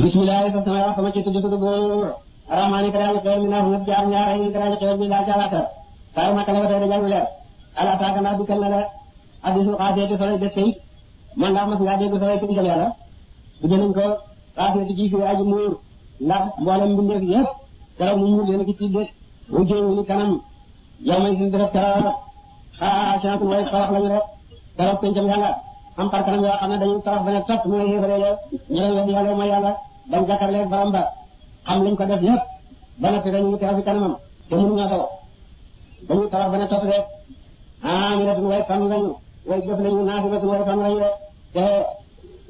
bismillah sa sama wax sama ci tudd tudd boobu arahmaani kadaal xeer mi naa ñëpp jaar ñaar ay kadaal xeer mi laa jaalaata saaru makka la ba tey da jàng leer ala taaka naa dikkal na la hadisu xaaseeti solay de sëy man ndax mas ngaa dégg solay tudd yàlla bu jënañ ko xaaseeti ji fi aji muur ndax mboolem mbindeef yëpp keroog mu muur leen ki ci dëkk bu jéewu ni kanam yow may sin def keroog xaa chance mooy xalaat lañu rek keroog pencam yàlla am par kanam yoo xam ne dañu torox ba a topp mooy xéefare ñu lay wedd yàlla mooy yàlla dañ jàkkaarloo borom ba xam liñ ko def yëpp ba noppi dañuy teew fi kanamam te mënuñoo daw dañuy torox bañ a topp de ah ñu def ñu way fan lañu way jëf lañu naasi ba suñu way fan lañu de te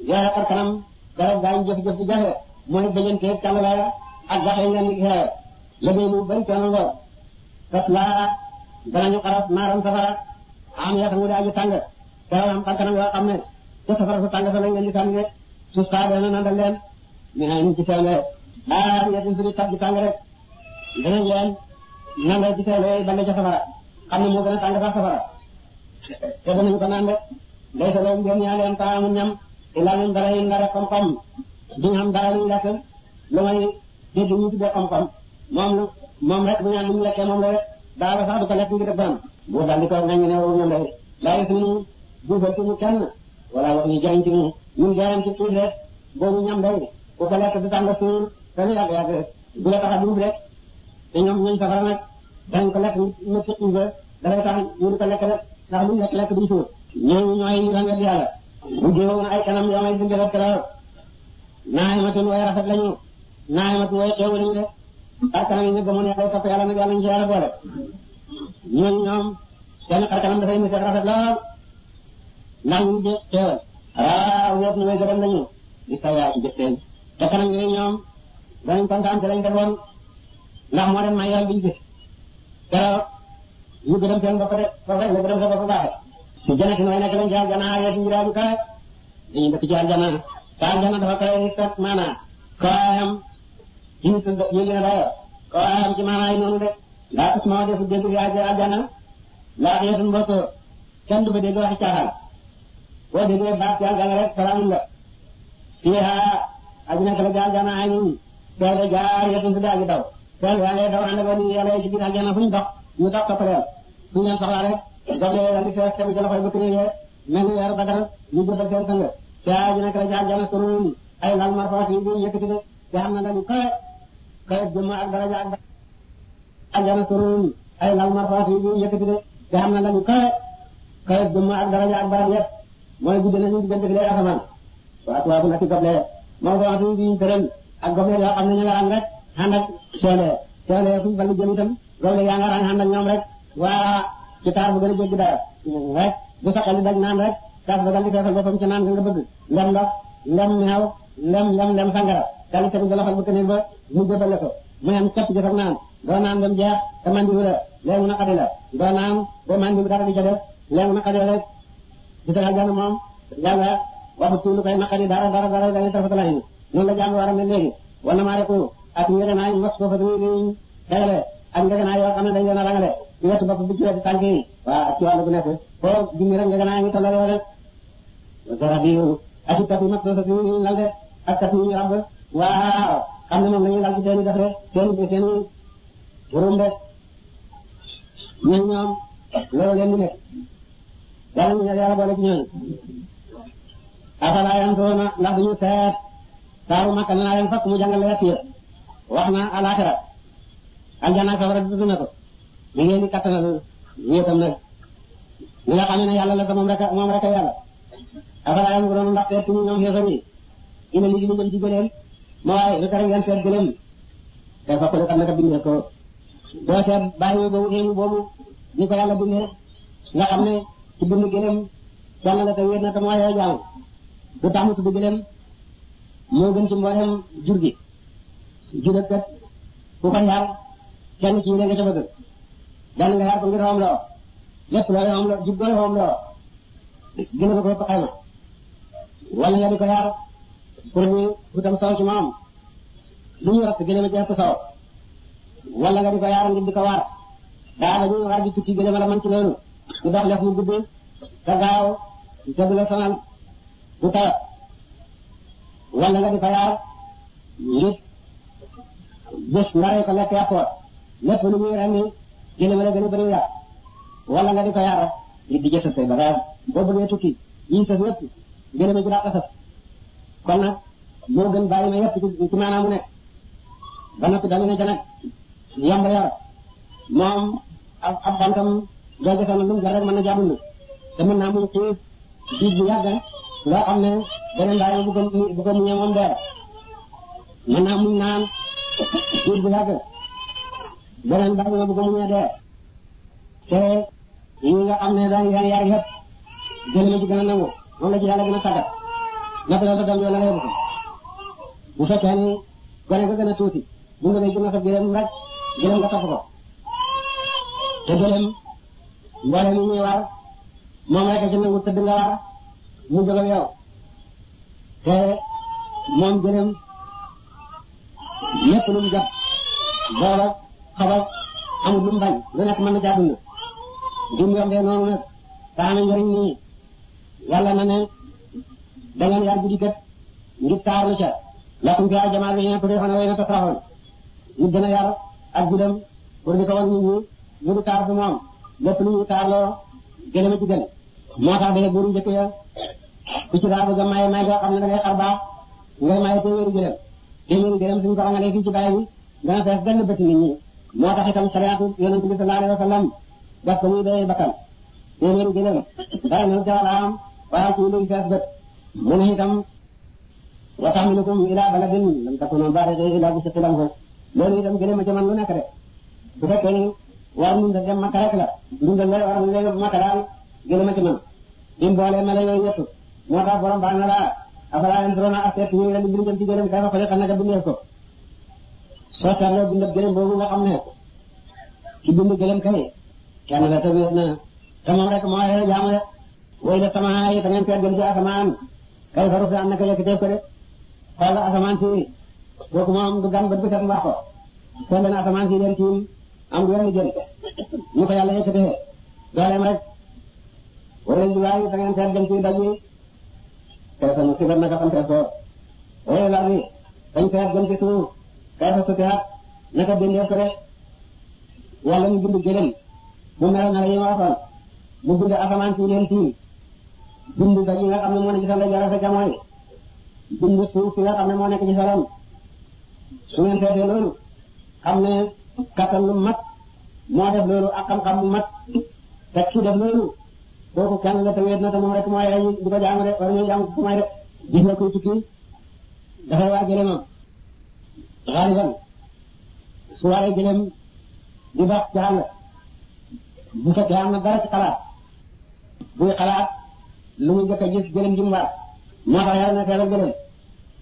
yore par kanam dara la jëf-jëf bu jafe mooy bañanteeg kàllaaya ak gax yi ngeen di xeewe liggéey lu bëri laa danañu xaraf naaram safara am yaa xam ne daa ñu dara am xar kanam yoo xam ne ca safara su tàng sa lañ leen di tànn rek suuf saa dana nandal leen ñu ne ñu ci seen rek daa ñetti suñu tax a tàng rek danañ leen nandal ci seen rek dana ca safara xam ne moo gën a tàng sax safara te danañ ko naan rek day sa loolu ngeen ñaa leen taamu ñam illaa xam-xam duñ xam dara luñ lekk lu may dégg ñu tuddee xam-xam moom moom rek bu ñaan lu lekkee moom la rek daal sax du ko lekk ngir def bu daal di ko ngañ ne woo ñoom rek duufal ci mu kenn wala war ñu jaañ ci moom ñun jaañ ci tuuti rek boobu ñam day de ku ko lekk du tàng suur dañu yàgg yàgg du la tax a duuf rek te ñoom ñooñu safara nag dañ ko lekk mu ci tuuba dalay tax ñu di ko lekk rek ndax lu lekk lekk duñ suur ñooñu ñooy ñu doon wedd yàlla bu jéewoon ay kanam yoo may dindi rek la naayimatun way rafet lañu naayimatun way xew lañu de xar kanam yi ñu gëmoon yàlla topp yàlla nag yàlla ñu ci yàlla boole ñooñu ndax ñu ngi teewe ah wér na gërëm nañu li kaw yaa ci jëf seen te kanam ñoom danañ kontaan te lañ defoon ndax moo leen may yoon bi ñu gis keroog ñu gërëm seen de foofu rek la gërëm sa bopp baaxee si jana si nooy ci aljana yaa a dayoo noonu de laa tus ma wa defu dégg yaa ci laa xiyatun bootoo kenn du fa dégg waxi caaxaan boo déggee baat yàlla rek salaam la fiihaa aji nekk la jaal jana aynin teel a jaar yëpp si daal di daw teel yaa ngay daw ànd ak wàllu yàlla ci biir àjjana fu ñu dox ñu dox ko teel fu ñu leen soxlaa rek dox lee daal di fees tamit jëloon fay ba tëjee mel ni weeru Badar ñu jëndal seen sëng te aji nekk la jaal jana suruun ay lal marfaat yi ñu yëkkati de te xam na dañu kawe kawe jëmm ak daraja ak àjjana suruun ay lal marfaat yi ñu yëkkati de te xam na dañu kawe kawe jëmm ak daraja ak barab yëpp mooy gudde nañu diggante bi lay asamaan waaw waaw nag ci goble moo ko waxtu ñu tëral ak goble yoo xam ne ñu nga am rek ànd ak soole soole suñu ballu jëm itam goble yaa nga rang ànd ak ñoom rek waa ci taar bu gën a jéggi rek bu soxali dag naan rek kaas ba dal di feesal boppam ci naan nga nga bëgg lem ndox lem meew lem lem lem sangara ba mu jëbale ko mu am capp jëf ak naan doo naan dem jeex te mandi wu la léegi naqari doo naan boo mandi dara di ca def léegi naqari la rek di ko laajal moom yàlla waxutu lu koy naqari dara dara dara dara tarfata layin noonu la jàng war a mel léegi wala maa reku ak ngegenaay mos ko fa tamit dañuy dagale ak ngegenaay yoo xam ne dañ leen a rangale ci wetu bopp bi ci wetu tànk yi waaw ak ci wàllu bu nekk foo junni a ngegenaay ngi na wala dara bi ak kat yi mat sa ñu lal de ak kat ñu rab waaw xam ne moom la ñuy lal ci seen i rek seen seen i ruum de yàlla ñu yàlla boole ci ñoom afalaa yanzuruna ndax duñu seet saaru Makka nee naa leen fokk mu jàngale yàq ya wax na alaaxira aljana ak safara dudd na ko mi ngi leen di kattanal wéetam yàlla la ko moom rek a moom rek a yàlla afalaa yanzuruna ndax seet tuñu ñoom xeefar yi ma waaye lu te fokk lu xam ne ka bindee ko doo seet bàyyi boobu xeeñu boobu ñu ko yàlla bindee nga xam ne tudd mu gëlëm kenn la te wér na te mooy jaamu bu tax gëlëm moo gën ci mboolem jur gi jur ak kat ku ko yar kenn ci yéene nga ca bëgg benn nga yar ko ngir xawam loo lépp loo xawam loo jub doole xawam loo gën a ko ko xayma wala nga di ko yar pour ñu utam soow ci moom lu ñu rafet gëlëm a jeex ko soow wala nga di ko yar ngir di ko waar daa ba ñu war di tukki gëlëm la man ci loolu mu dox def mu gudd te gaaw te la sonal bu ta wala nga di ko yaar ngir bés nga rey lekk yàqoo lépp lu muy rendi jëlee ma la gën a bëri yàq wala nga di ko yaar ngir di jësal say bagaas boo bëggee tukki yi sas yëpp gën a ma jëlaat sas kon nag moo gën bàyyi ma yëpp ci maanaam mu nekk ba noppi dañu ne moom ab ab bantam jooju fenn lu mu jar rek mën na jaamu te mën naa muy xiif biir bu yàgg loo am ne beneen daay bu ko bu ko muñee moom dee mën naa naan biir bu yàgg beneen daay bu ko muñee dee te yi nga xam ne daañu daan yar yëpp jëlee na gën a nangu moom la ci yàlla gën a tàggat naka la ko doon yàlla yóbbu ko bu fekkee ni gone nga gën a tuuti bu nga lay gën a sa gëlëm rek gëlëm nga topp te gëlëm mboole ni ñuy war moom rek a ci nangu tëdd nga war mu jëm ak yow te moom gëlëm lépp lu mu jot booba xobal lu mu bañ lu nekk mën na caa dund dund yombee noonu nag taa na njëriñ nii yàlla na ne da ngeen yar guddi gët ngir taaru ca lakum fiihaa jamii'un minhu turihun wa minhu tasrahun ñu yar ak guddam pour di ko wan nit ñi ñu taar fi moom lépp lu ñu taarloo gëlëm a ci gën moo tax dana buuru njëkk ya ku ci daa a maye may boo xam ne da ngay xar baax ngay maye téeméeri gëlëm téeméeri gëlëm suñ ko amalee fii ci bàyyi bi dana fees benn bëtt nit ñi moo tax itam sariyaatu yonent bi sallallahu alayhi wa sallam daf ko muy dee bakkan téeméeri gëlëm dara ñu ca wala am waaye ci luy fees bët mu ne itam wa tahmilukum ila baladin lam baa balighihi illa bi shiqqi l-anfus loolu itam gëlëm a ca man lu nekk de bu fekkee ni waaye ñun dañu dem Makka rek la ñun dañu la war a yóbbu Makka daal gën a ma ci mën bi mu boolee mala yooyu yëpp moo tax borom baax na laa afalaa yanzuruuna ilaa as-samaa'i ñu ngi leen di bind ci gërëm kayfa xuliqat naka bindee ko soo seetloo bind gërëm boobu nga xam ne ci bind gërëm kay kenn la te wéet na te rek moo yore jaamu de way la sama yi te ngeen koy ci asamaan kayfa rufi'at naka yëkkatee ko de xool la asamaan si kooku moom du gan bët bu set wax ko xool leen ñu ko yàlla yëkkatee dooleem rek wala li waaye da ngeen seet dem ci daj yi kayfa nusibat naka fanteesoo wala laa ni dañ seet dem ci suuf kayfa sutihat naka bindee ko rek yàlla ñu bind gëlëm mu mel na la ñu mu bind asamaan si leen tiin bind nga xam ne moo nekk ci sa ndeyjoor sa jamono bind nga xam ne moo nekk ci sa ron su ngeen seetee ne kattan lu mat moo def loolu ak xam-xam bu mat te ki def loolu kooku kenn la te wéet na te moom rek mooy rey di ko jaamu de war ñoo jaamu ko dafay waa gëlëmam xaaliban su waree gëlëm di baax ci àll bu fekkee am na dara ci xalaat buy xalaat lu mu njëkk a gis gëlëm ji a gëlëm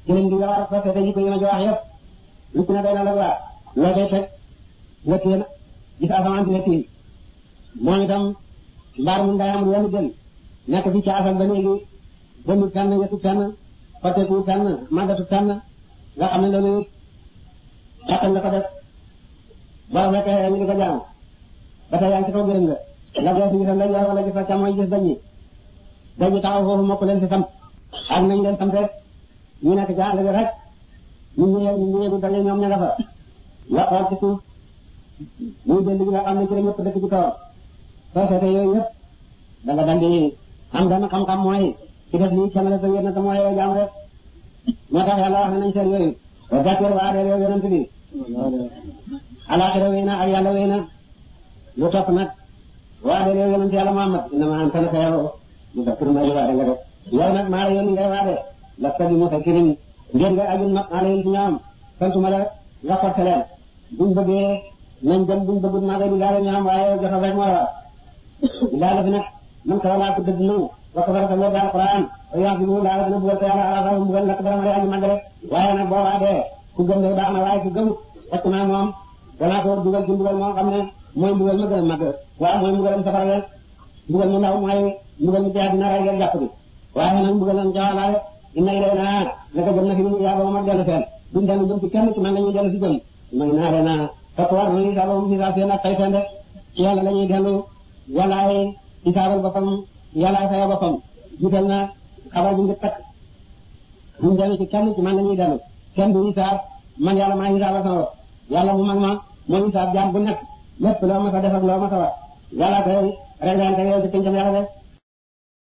gëlëm gi nga a wax yëpp lu ci ne doy la waar loo koy fekk wëttee gis asamaan dina tiim moom itam mbaar mu ndayam yoonu gën nekk fi ca asal ba léegi bënn tànn yetu tànn fotteeku tànn màggatu tànn nga xam ne loolu it xàttan na ko def boo fekkee a di ko jaamu ba tey yaa ci kaw gërëm nga la goo si gisal la yor wala gis la càmmooy gis dañi dañu taxaw foofu mokk leen si sam ak nañ leen samte ñu nekk ca àll bi rek ñu ñëwee ñu ñëwee du dalee ñoom ña nga fa nga xool ci suuf muy jënd gi nga xam ne ci la ñëpp da nga dandi am benn xam-xam mooy ci def lii camale sa wér na te mooy yow jaam rek moo tax yàlla wax nañ na wa adeer yow yonent ma an tana sa yow lu dakir la yónni ngay waade lasta bi mutakirin nañ dem buñ bëggut maa ngi lay gàllankoor ñu am waaye joxe rek moo la laala fi nag man kaw laa ko dëgg nangu wax ko baraka lool daal Alxuraan yaa ngi fi laala dina bugal te yàlla ala xam bugal nag dara ma yaa ngi màggale waaye nag boo waatee ku gëm de baax na waaye ku gëmut fekk naa moom danaa ko dugal ci dugal moo xam ne mooy dugal ma gën a màgg waaw mooy dugalam safara la dugal mu ndaw mooy dugal mu jaay dina rey ngeen jàpp bi waaye nag dugalam jaalaale inna ilayna naka jëm na fi mu yaa ba ma dellu fenn duñ dellu jëm ci kenn ci man la ñuy dellu ci jëm ma ngi naa taqwa mooy sababu bi saa seen ak taytande yàlla la ñuy dellu yàllaay isaabal boppam yàllaay faya boppam jiital na xabar bi nga takk ñu dellu ci man la ñuy dellu kenn du isaab man yàlla maa isaabal sama bopp yàlla mu mag ma mooy jaam bu nekk lépp loo ma sa def ak loo ma sa wax yàllaa koy reglante yow ci pencam yàlla de